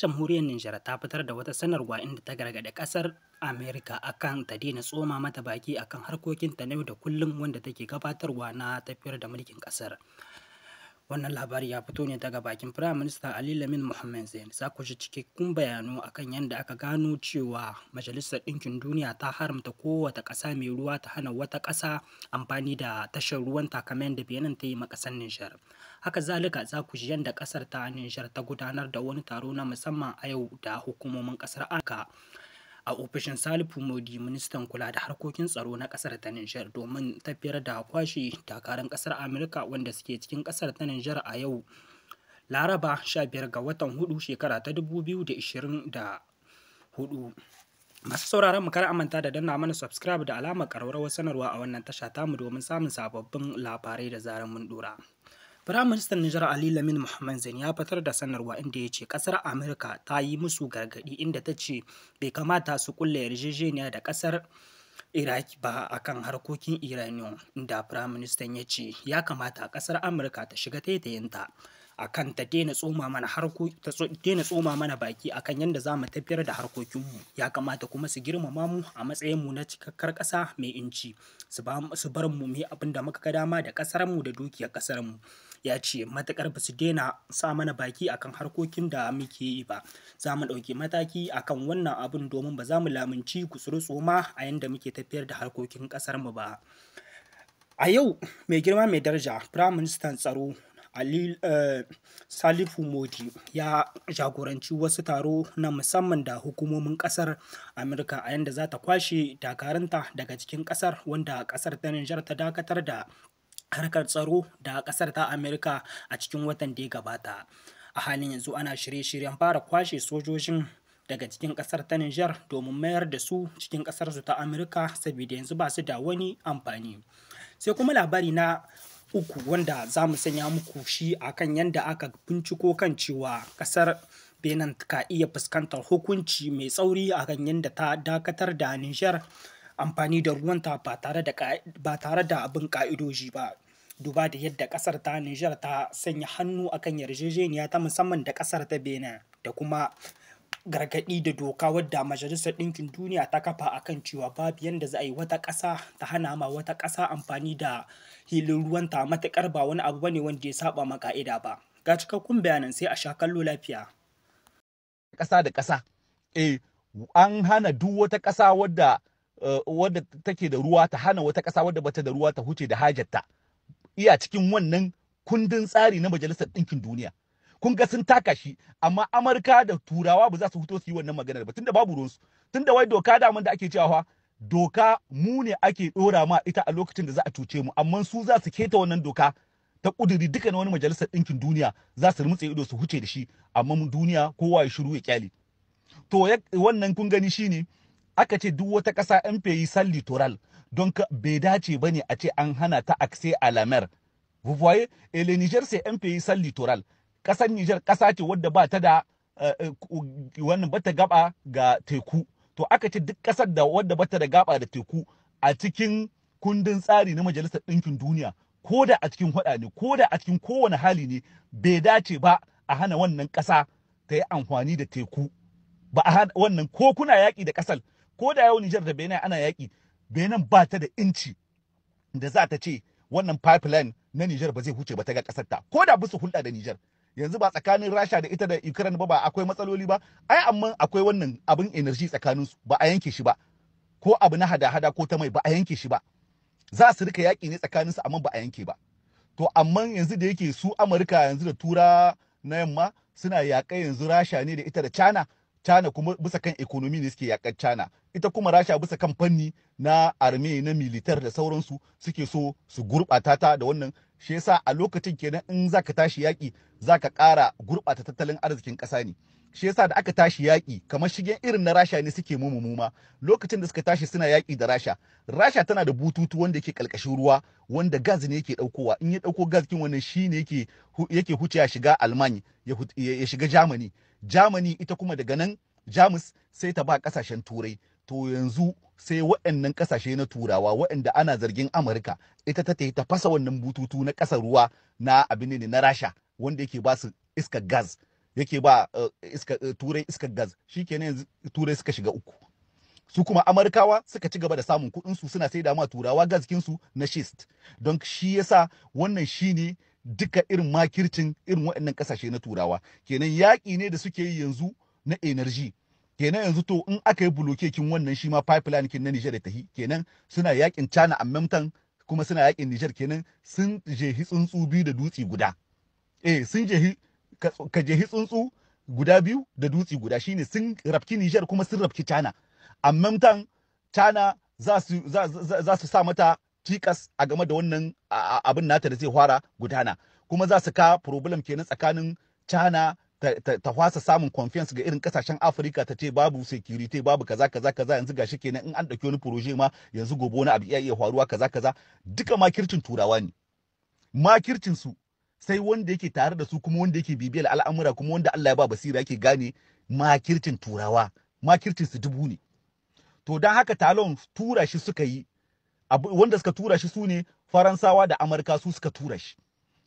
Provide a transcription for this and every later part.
jamhuriyar Nijar ta fitar da wata sanarwa inda ta gargaɗi ƙasar Amerika akan ta daina tsoma mata baki akan harkokinta na yau da kullum wanda take gabatarwa na tafiyar da mulkin ƙasar. Wannan labari ya fito ne daga bakin Firayim Minista Ali Lamin muhammed Zain. Za ku ji cikakkun bayanu akan yadda aka gano cewa Majalisar Ɗinkin Duniya ta haramta kowace ƙasa mai ruwa ta hana wata ƙasa amfani da tashar ruwan takamaimai da Benin ta yi ma ƙasar Nijar. Haka zalika za ku ji yadda ƙasar ta Nijar ta gudanar da wani taro na musamman a yau da hukumomin ƙasar Amurka. a ofishin salifu modi ministan kula da harkokin tsaro na kasar ta nijar domin tafiyar da kwashe takarar kasar amurka wanda suke cikin kasar ta nijar a yau laraba 15 ga watan 4 shekara ta 2024 masu sauraron mu kar amanta da danna mana subscribe da alamar karwar sanarwa a wannan tasha tamu domin samun sababbin labarai da zaran mun dora Firaministan Nijar Ali Lamin Muhammad Zain ya fitar da sanarwa inda ya ce kasar Amurka ta yi musu gargaɗi inda ta ce bai kamata su kulle yarjejeniya da kasar Iraki ba akan harkokin Iranium inda Firaministan ya ce ya kamata kasar Amurka ta shiga taitayinta. akan ta daina tsoma mana harko ta daina tsoma mana baki akan yadda za mu tafiyar da harkokinmu ya kamata kuma su girmama mu a matsayinmu na cikakkar ƙasa mai inci su bar mu mai abin da muka ga dama da ƙasarmu da dukiyar ƙasarmu ya ce matuƙar ba su daina sa mana baki akan harkokin da muke yi ba za mu ɗauki mataki akan wannan abin domin ba za mu lamunci kusuru tsoma a yadda muke tafiyar da harkokin ƙasarmu ba a yau mai girma mai daraja firaministan tsaro Eh, Salifu Modi ya jagoranci wasu taro na musamman da hukumomin kasar Amurka a yadda za ta kwashe dakaranta daga cikin kasar wanda kasar ta Nijar ta dakatar da harkar tsaro da kasar ta Amurka a cikin watan da ya gabata. A halin yanzu ana shirye-shiryen fara kwashe sojojin daga cikin kasar ta Nijar domin mayar da su cikin kasar su ta Amurka saboda yanzu ba su da wani amfani. Sai kuma labari na uku wanda za mu sanya muku shi akan yadda aka binciko kan cewa kasar benin ka iya fuskantar hukunci mai tsauri akan yadda ta dakatar da nijar amfani da ruwanta ba tare da abin ka'idoji ba duba da yadda kasar ta nijar ta sanya hannu akan yarjejeniya ta musamman da kasar ta benin da kuma gargaɗi da doka wadda majalisar ɗinkin duniya ta kafa akan cewa babu yadda za a yi wata ƙasa ta hana ma wata ƙasa amfani da hilin ruwanta matuƙar ba wani abu bane wanda ya saba ma ka'ida ba ga cikakkun bayanan sai a sha kallo lafiya ƙasa da ƙasa eh an hana duk wata ƙasa wadda eh, wadda take da ruwa ta hana wata ƙasa wadda bata da ruwa ta huce da hajarta iya cikin wannan kundin tsari na majalisar ɗinkin duniya kun ga sun taka shi amma amurka da turawa ba za su fito su yi wannan maganar ba tunda babu ruwansu tunda wai doka da da ake cewa doka mu ne ake dora ma ita a lokacin da za a cuce mu amma su za su keta wannan doka ta kuduri duka na wani majalisar ɗinkin duniya za su rumtse ido su huce da shi amma duniya kowa ya shiru ya kyale to wannan kun gani shine aka ce duk wata ƙasa an yi san littoral don ka bai dace ba ne a ce an hana ta accès à la mer vous voyez et le Niger c'est un pays sans littoral kasar Nijar kasa ce wadda ba ta da eh, eh, wannan bata gaba ga teku to aka ce duk kasar da wadda bata da gaba da teku a cikin kundin tsari na majalisar ɗinkin duniya ko da a cikin hada ne ko da a cikin kowane hali ne bai dace ba a hana wannan ƙasa ta yi amfani da teku ba a hana wannan ko kuna yaƙi da ƙasar ko da yau Nijar da Benin ana yaƙi Benin ba ta da inci da za ta ce wannan pipeline na Nijar ba zai huce ba ta ga ƙasar ta ko da bisa hulɗa da Nijar yanzu ba tsakanin rasha da ita da ukraine ba ba akwai matsaloli ba ai amma akwai wannan abin energy tsakanin su ba a yanke shi ba ko abu na hada-hada ko ta mai ba a yanke shi ba za su rika yaƙi ne tsakanin su amma ba a yanke ba to amma yanzu da yake su amurka yanzu da tura na yamma suna yaƙa yanzu rasha ne da ita da china china kuma bisa kan ekonomi ne suke yaƙar china ita kuma rasha bisa kan fanni na arme na militar da sauransu suke so su gurɓata ta da wannan shi yasa a lokacin kenan in za ka tashi yaƙi za ka ƙara gurɓata tattalin arzikin ƙasa ne shi yasa da aka tashi yaƙi kamar shigen irin na rasha ne suke mumu muma lokacin da suka tashi suna yaƙi da rasha rasha tana da bututu wanda yake ƙalƙashin ruwa wanda gaz ne yake ɗaukowa in ya ɗauko gaz kin wannan shi ne yake yake huce ya shiga alman ya shiga germany germany ita kuma daga nan jamus sai ta ba ƙasashen turai to yanzu sai waɗannan ƙasashe na turawa waɗanda ana zargin amurka ita ta ta fasa wannan bututu na ƙasar ruwa na abin ne na rasha wanda yake ba su iskar gas yake ba eh, eh, turai iskar gas shi yanzu turai suka shiga uku su kuma amurkawa suka ci gaba da samun kuɗin su suna sai da ma turawa gaskin su na shist. don shi yasa wannan shi ne duka irin makircin irin waɗannan ƙasashe na turawa kenan yaƙi ne da suke yi yanzu na energy kenan yanzu to in aka yi kin wannan shi ma pipeline kin na Niger da tahi kenan suna yakin China a memtan kuma suna yakin Niger kenan sun jehi tsuntsu biyu da dutsi guda eh sun jehi ka jehi tsuntsu guda biyu da dutsi guda shine sun rafki Niger kuma sun rafki China a memtan China za su za su sa mata cikas a game da wannan abin nata da zai fara gudana kuma za su ka problem kenan tsakanin China ta fasa samun confiance ga irin kasashen Afirka ta ce babu security babu kaza kaza kaza yanzu gashi kenan in an dauki wani proje ma yanzu gobe wani abu iya iya faruwa kaza kaza duka makircin turawa ne makircin su sai wanda yake tare da su kuma wanda yake bibiyar al'amura kuma wanda Allah ya ba basira yake gane makircin turawa makircin su dubu ne to dan haka talon tura shi suka yi wanda suka tura shi su ne faransawa da amurka su suka tura shi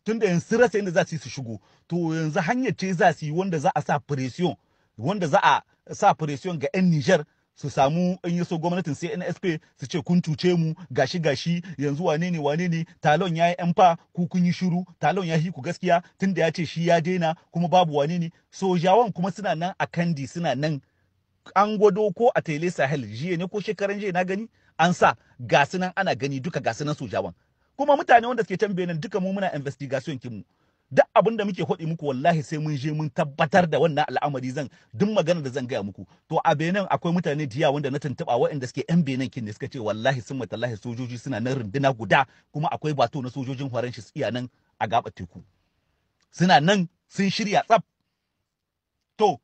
tunda yanzu rasa inda za su yi su shigo to yanzu hanyar ce za su yi wanda za a sa presiyon wanda za a sa presiyon ga 'yan Nijar su samu in yaso gwamnatin CNSP su ce kun cuce mu gashi gashi yanzu wane ne wane ne talon ya yi empa ku kun yi shiru talon ya yi ku gaskiya tunda ya ce shi ya daina kuma babu wane ne sojawan kuma suna nan a kandi suna nan an gwado ko a tele sahel jiya ne ko shekaran jiya na gani an sa gasu nan ana gani duka gasu nan sojawan kuma mutane wanda suke can nan duka mu muna investigation kinmu duk abin da muke hodi muku wallahi sai mun je mun tabbatar da wannan al'amari zan duk magana da zan gaya muku to a Benin akwai mutane diya wanda na tuntuba waɗanda suke yan Benin kin ne suka ce wallahi sun matallahi sojoji suna nan runduna guda kuma akwai bato na sojojin horon shi iya nan a gaba teku suna nan sun shirya tsaf to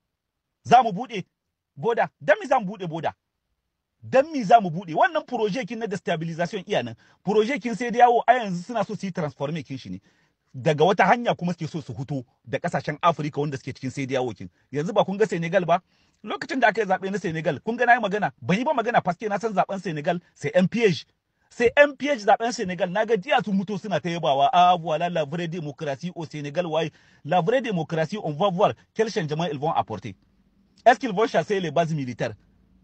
za mu buɗe boda dan mi za mu buɗe boda dan mi za mu buɗe wannan proje kin na destabilization iya nan proje kin sai da yawo a yanzu suna so su yi transforme kin shi ne daga wata hanya kuma suke so su hutu da kasashen Afirka wanda suke cikin sai da yawo kin yanzu ba kun ga Senegal ba lokacin da aka yi zaɓe na Senegal kun ga nayi magana ban yi ba magana paske na san zaɓen Senegal sai MPH sai MPH zaben Senegal na ga jiya sun mutu suna ta yabawa a ah, voilà la vraie démocratie au senegal waye la vraie démocratie on va voir quel changement ils vont apporter est-ce qu'ils vont chasser les bases militaires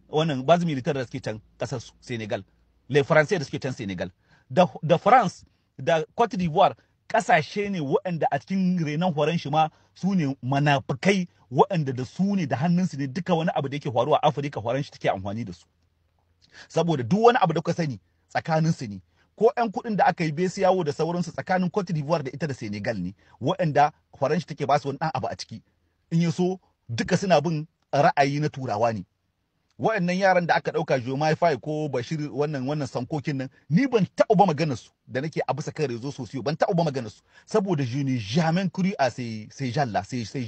wannan bazi militar da suke can kasar Senegal le français da suke can Senegal da France da Cote d'Ivoire kasashe ne waɗanda a cikin renon horon shi ma su ne manafukai waɗanda da su ne da hannunsu ne duka wani abu da yake faruwa Afirka horon shi take amfani da su saboda duk wani abu da kuka sani tsakaninsu ne ko 'yan kuɗin da aka yi besu yawo da sauransu tsakanin Cote d'Ivoire da ita da Senegal ne waɗanda horon shi take ba su wani ɗan abu a ciki in ya so duka suna bin ra'ayi na turawa ne wa'annan yaran da aka ɗauka Jomai Fai ko Bashir wannan wannan sankokin nan ni ban taɓa ba maganar su da nake a bisa kan rezo sosiyo ban taɓa ba maganar su saboda jini kuri kuri a sai sai jalla sai sai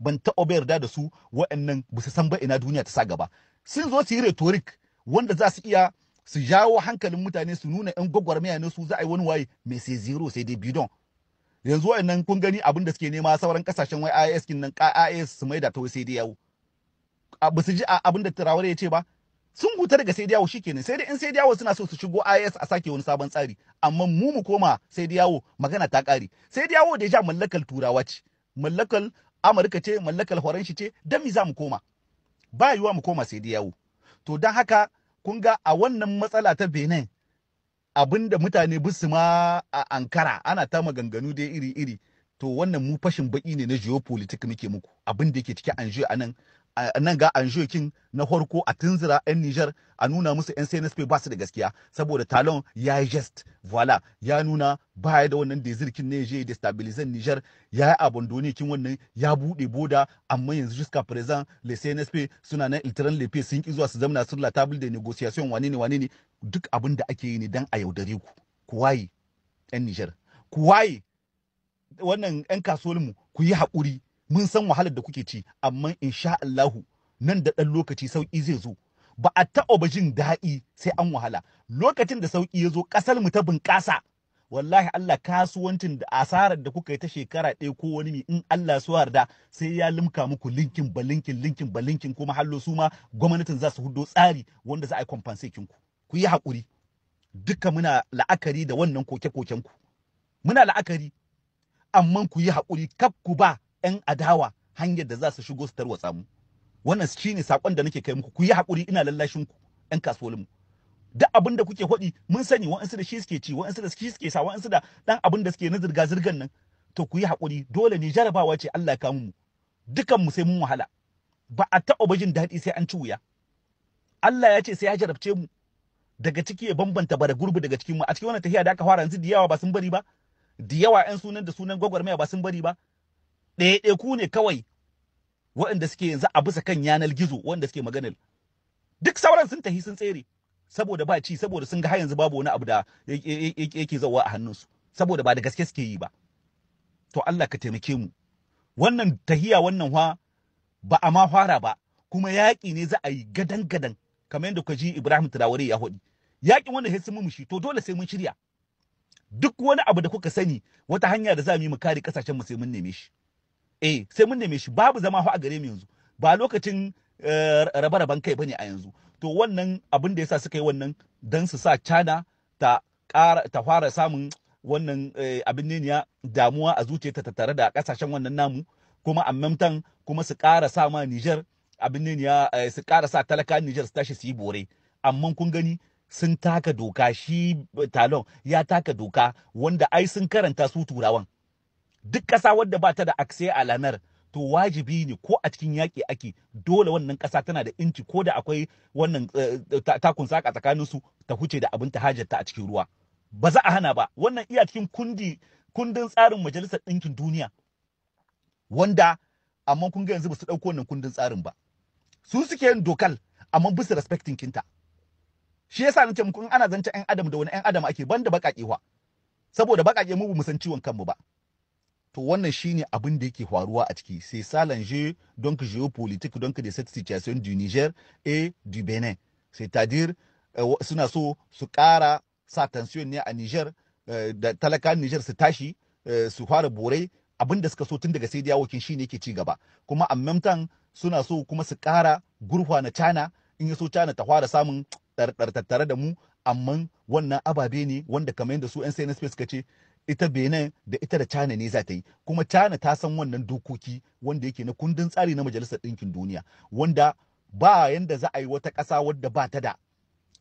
ban taɓa ba yarda da su wa'annan bu su san ba ina duniya ta sa gaba sun zo su yi rhetoric wanda za su iya su jawo hankalin mutane su nuna yan gwagwarmaya ne su za a yi wani waye mai sai zero sai dai bidon yanzu wa'annan kun gani abin da suke nema sauran kasashen wai IS kin nan IS su maida ta sai dai yawo abu su ji abin da turawar ya ce ba sun huta daga sai yawo shikenan sai dai in sai dawo suna so su shigo IS a sake wani sabon tsari amma mu mu koma sai dawo magana ta kare sai dawo da ja mallakar turawa ce mallakal Amurka ce mallakal Horanshi ce dan mi za mu koma ba yiwa mu koma sai dawo to dan haka kun ga a wannan matsala ta Benin abinda mutane bisu ma a Ankara ana ta maganganu dai iri-iri to wannan mu fashin baki ne na geopolitik muke muku abin da yake cikin anjou a nan nan ga anjou kin na farko a tunzira yan Niger a nuna musu yan CNSP ba su da gaskiya saboda talon ya yi gest voila ya nuna baya da wannan da zirkin ne je stabilizan Niger ya yi abandone kin wannan ya bude boda amma yanzu jusqu'à présent le CNSP suna nan iltiran lefe sun ki zuwa su zamna sur la table de négociation wane ne wani ne duk abin da ake yi ne dan a yaudare ku kuwai yan Niger kuwai. wannan 'yan mu ku yi haƙuri mun san wahalar da kuke ci amma insha Allahu nan da ɗan lokaci sauƙi zai zo ba a taɓa ba jin daɗi sai an wahala lokacin da sauƙi ya zo ƙasar mu ta bunƙasa wallahi Allah kasuwancin da asarar da kuka yi ta shekara ɗaya ko wani mai in Allah su yarda sai ya limka muku linkin ba linkin linkin ba linkin kuma hallo su ma gwamnatin za su hudo tsari wanda za a yi compensation ku ku yi haƙuri duka muna la'akari da wannan koke koken ku muna la'akari amma ku yi haƙuri kaf ku ba 'yan adawa hanyar da za su shigo su tarwatsa mu wannan shi ne saƙon da nake kai muku ku yi haƙuri ina lallashin ku 'yan kasuwalinmu. duk abin da kuke faɗi mun sani wa'ansu da shi suke ci wa'ansu da shi suke sa wa'ansu da ɗan abin da suke na zirga-zirgan nan to ku yi haƙuri dole ne jarabawa ce Allah ya kamu mu dukan mu sai mun wahala ba a taɓa jin daɗi sai an ci wuya Allah ya ce sai ya jarabce mu daga ciki ya bambanta bara gurbi daga cikin mu a cikin wannan tafiya da aka fara yanzu da yawa ba sun bari ba da yawa 'yan sunan da sunan gwagwarmaya ba sun bari ba Ɗaya ku ne kawai waɗanda suke yanzu a bisa kan yanar gizo waɗanda suke maganar duk sauran sun tafi sun tsere saboda ba ci saboda sun ga har yanzu babu wani abu da yake zawa a hannunsu saboda ba da gaske suke yi ba to Allah ka taimake mu wannan tahiya wannan hwa ba a ma fara ba kuma yaƙi ne za a yi gadan gadan kamar yadda ku ji Ibrahim Traore ya faɗi yaƙin wannan sai mun mushi to dole sai mun shirya duk wani abu da kuka sani wata hanya da za mu yi mu kare kasashen mu sai mun neme shi eh sai mun neme shi babu zama a gare mu yanzu ba lokacin eh, rabe-raben kai bane a yanzu to wannan abin da yasa suka yi wannan dan su sa China ta ƙara, ta fara samun wannan eh, abin ne damuwa a zuciyarta ta tare da kasashen wannan namu kuma ammantan kuma su ƙara sa ma Niger abin ne eh, su ƙara sa talaka Niger su tashi su yi bore amma kun gani sun taka doka shi eh, talon ya taka doka wanda ai sun karanta su turawan duk ƙasa wadda ba ta da akse a lanar to wajibi ne ko a cikin yaƙi ake dole wannan ƙasa tana da inci ko da akwai wannan eh, takun saka tsakanin su ta huce da abin ta hajarta a cikin ruwa ba za a hana ba wannan iya cikin kundin tsarin majalisar ɗinkin duniya wanda amma kun ga yanzu ba su ɗauko wannan kundin tsarin ba su suke yin dokal amma bisa respectin kinta shi yasa nace muku in ana zance ɗan adam da wani ɗan adam ake banda baƙaƙe wa saboda baƙaƙe mu mu san ciwon kanmu ba to wannan shine abin da yake faruwa a ciki sai s'allonger donc géopolitique donc de cette situation du Niger et du Benin c'est-à-dire euh, suna so su kara sa tension ne a Niger euh, da talakan Niger su tashi euh, su fara borai abin da suka so tun daga sai da yawokin shine yake ci gaba kuma a suna so kuma su kara gurfa na China in yaso so China ta fara samun tattare da mu amma wannan ababe ne wanda kamar yadda su 'yan sayan space suka ce ita benin da ita da china ne za ta yi kuma china ta san wannan dokoki wanda yake na kundin tsari na majalisar ɗinkin duniya wanda ba yadda za a yi wata ƙasa wadda ba ta da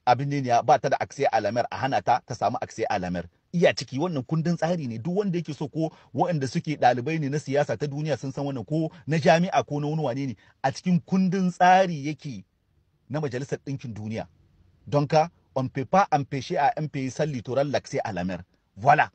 abin ne ba ta da aksiyar alamar a hana ta ta samu aksiyar alamar iya ciki wannan kundin tsari ne duk wanda yake so ko waɗanda suke ɗalibai ne na siyasa ta duniya sun san wannan ko na jami'a ko na wani wane ne a cikin kundin tsari yake na majalisar ɗinkin duniya donka on ne peut pas empêcher à un pays sans littoral l'accès à la mer. Voilà.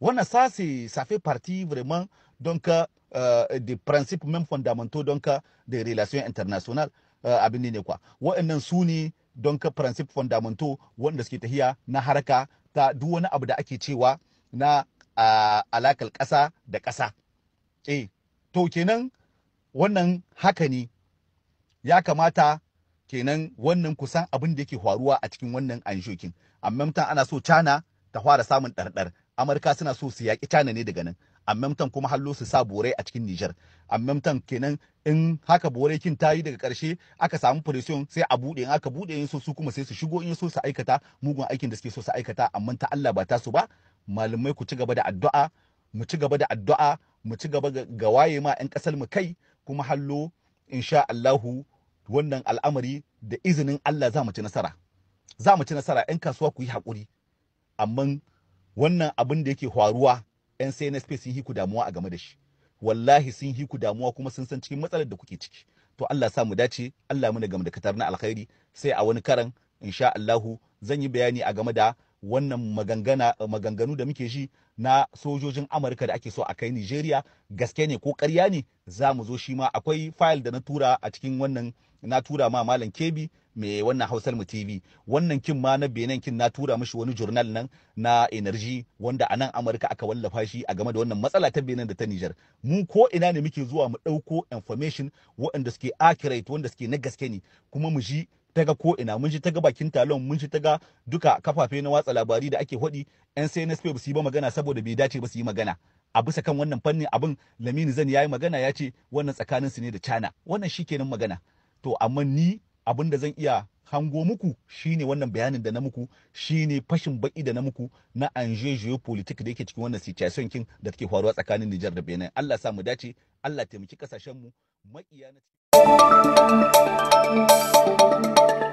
Voilà, ça, ça fait partie vraiment donc, euh, euh des principes même fondamentaux donc, euh, des relations internationales. abin euh, ne kwa waɗannan su ne don ka principe fundamento wanda suke tahiya na haraka ta duk wani abu da ake cewa na alakal ƙasa da ƙasa eh to kenan wannan haka ne ya kamata kenan wannan kusan abin da yake faruwa a cikin wannan anshokin amma mutan ana so cana ta fara samun ɗarɗar amurka suna so su yaƙi cana ne daga nan amma mutan kuma hallo su sa borai a cikin nijar amma mutan kenan in haka borai kin tayi daga ƙarshe aka samu pressure sai a buɗe in aka buɗe in so su kuma sai su shigo in so su aikata mugun aikin da suke so su aikata amma ta Allah ba ta su ba malamai ku ci gaba da addu'a mu ci gaba da addu'a mu ci gaba ga waye ma 'yan ƙasar mu kai kuma hallo insha Allahu wannan al'amari da izinin Allah za mu ci nasara za mu ci nasara 'yan kasuwa ku yi haƙuri amma wannan abin da yake faruwa 'yan sai CNSP sun hiku damuwa a game da shi wallahi sun hiku damuwa kuma sun san cikin matsalar da kuke ciki to Allah sa mu dace Allah mu da gam da katar na alkhairi sai a wani karan insha Allahu zan yi bayani a game da wannan maganganu da muke shi na sojojin amurka da ake so a kai nigeria gaske ne ko karya ne za mu zo shi ma akwai fayil da na tura a cikin wannan na tura ma malam kebi mai wannan hausar mu tv wannan kin ma na benin kin na tura mashi wani journal nan na energy wanda a nan amurka aka wallafa shi a game da wannan matsala ta benin da ta niger mu ko ina ne muke zuwa mu ɗauko information waɗanda suke accurate wanda suke na gaske ne kuma mu ji ta ga ko ina mun shi ta ga bakin talon mun shi ta ga duka kafafe na watsa labari da ake hodi yan sai NSP ba su yi ba magana saboda bai dace ba su yi magana a bisa kan wannan fannin abin Lamini zan yayi magana ya ce wannan tsakanin su ne da China wannan shikenan magana to amma ni abin da zan iya hango muku shine wannan bayanin da na muku shine fashin baki da na muku na anje politique da yake cikin wannan situation kin da take faruwa tsakanin Niger da Benin Allah sa mu dace Allah taimaki kasashen mu makiya na Música